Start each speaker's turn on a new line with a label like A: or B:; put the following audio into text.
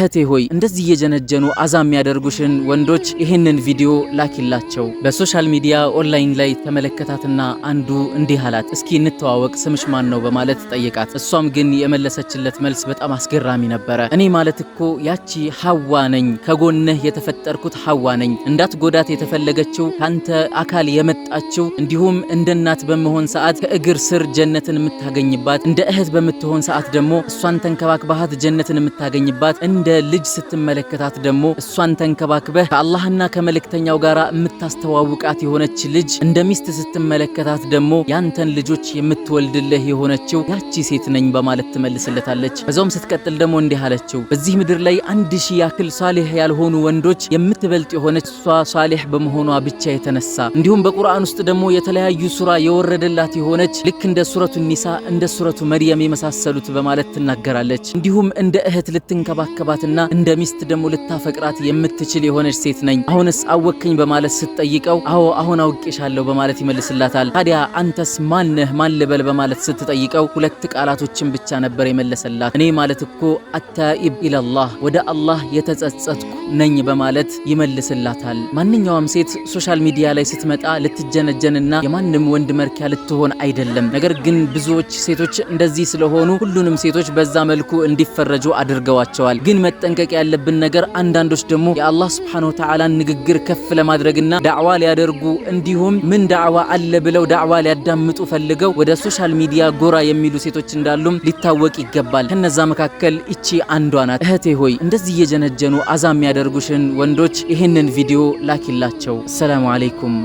A: እህቴ ሆይ እንደዚህ እየጀነጀኑ አዛ የሚያደርጉሽን ወንዶች ይህንን ቪዲዮ ላኪላቸው። በሶሻል ሚዲያ ኦንላይን ላይ ተመለከታትና አንዱ እንዲህ አላት፣ እስኪ እንተዋወቅ ስምሽ ማን ነው በማለት ጠየቃት። እሷም ግን የመለሰችለት መልስ በጣም አስገራሚ ነበረ። እኔ ማለት እኮ ያቺ ሐዋ ነኝ፣ ከጎንህ የተፈጠርኩት ሐዋ ነኝ። እንዳትጎዳት የተፈለገችው ካንተ አካል የመጣችው እንዲሁም እንደ እናት በመሆን ሰዓት ከእግር ስር ጀነትን የምታገኝባት እንደ እህት በምትሆን ሰዓት ደግሞ እሷን ተንከባክባሃት ጀነትን የምታገኝባት እንደ እንደ ልጅ ስትመለከታት ደግሞ እሷን ተንከባክበህ ከአላህና ከመልእክተኛው ጋር የምታስተዋውቃት የሆነች ልጅ እንደ ሚስት ስትመለከታት ደግሞ ያንተን ልጆች የምትወልድልህ የሆነችው ያቺ ሴት ነኝ በማለት ትመልስለታለች። በዛውም ስትቀጥል ደግሞ እንዲህ አለችው፣ በዚህ ምድር ላይ አንድ ሺህ ያክል ሳሌሕ ያልሆኑ ወንዶች የምትበልጥ የሆነች እሷ ሳሌሕ በመሆኗ ብቻ የተነሳ እንዲሁም በቁርአን ውስጥ ደግሞ የተለያዩ ሱራ የወረደላት የሆነች ልክ እንደ ሱረቱ ኒሳ እንደ ሱረቱ መርየም የመሳሰሉት በማለት ትናገራለች። እንዲሁም እንደ እህት ልትንከባከባት ልትወዳትና እንደ ሚስት ደግሞ ልታፈቅራት የምትችል የሆነች ሴት ነኝ፣ አሁንስ አወክኝ በማለት ስትጠይቀው አዎ አሁን አውቄሻለሁ በማለት ይመልስላታል። ታዲያ አንተስ ማንህ ማን ልበል በማለት ስትጠይቀው ሁለት ቃላቶችን ብቻ ነበር የመለሰላት። እኔ ማለት እኮ አታኢብ ኢላላህ ወደ አላህ የተጸጸትኩ ነኝ በማለት ይመልስላታል። ማንኛውም ሴት ሶሻል ሚዲያ ላይ ስትመጣ ልትጀነጀንና የማንም ወንድ መርኪያ ልትሆን አይደለም። ነገር ግን ብዙዎች ሴቶች እንደዚህ ስለሆኑ ሁሉንም ሴቶች በዛ መልኩ እንዲፈረጁ አድርገዋቸዋል። ግን መጠንቀቅ ያለብን ነገር አንዳንዶች ደግሞ የአላህ ሱብሓነሁ ወተዓላን ንግግር ከፍ ለማድረግና ዳዕዋ ሊያደርጉ እንዲሁም ምን ዳዕዋ አለ ብለው ዳዕዋ ሊያዳምጡ ፈልገው ወደ ሶሻል ሚዲያ ጎራ የሚሉ ሴቶች እንዳሉም ሊታወቅ ይገባል። ከነዛ መካከል እቺ አንዷ ናት። እህቴ ሆይ እንደዚህ እየጀነጀኑ አዛ የሚያደርጉሽን ወንዶች ይህንን ቪዲዮ ላኪላቸው። ሰላም አለይኩም።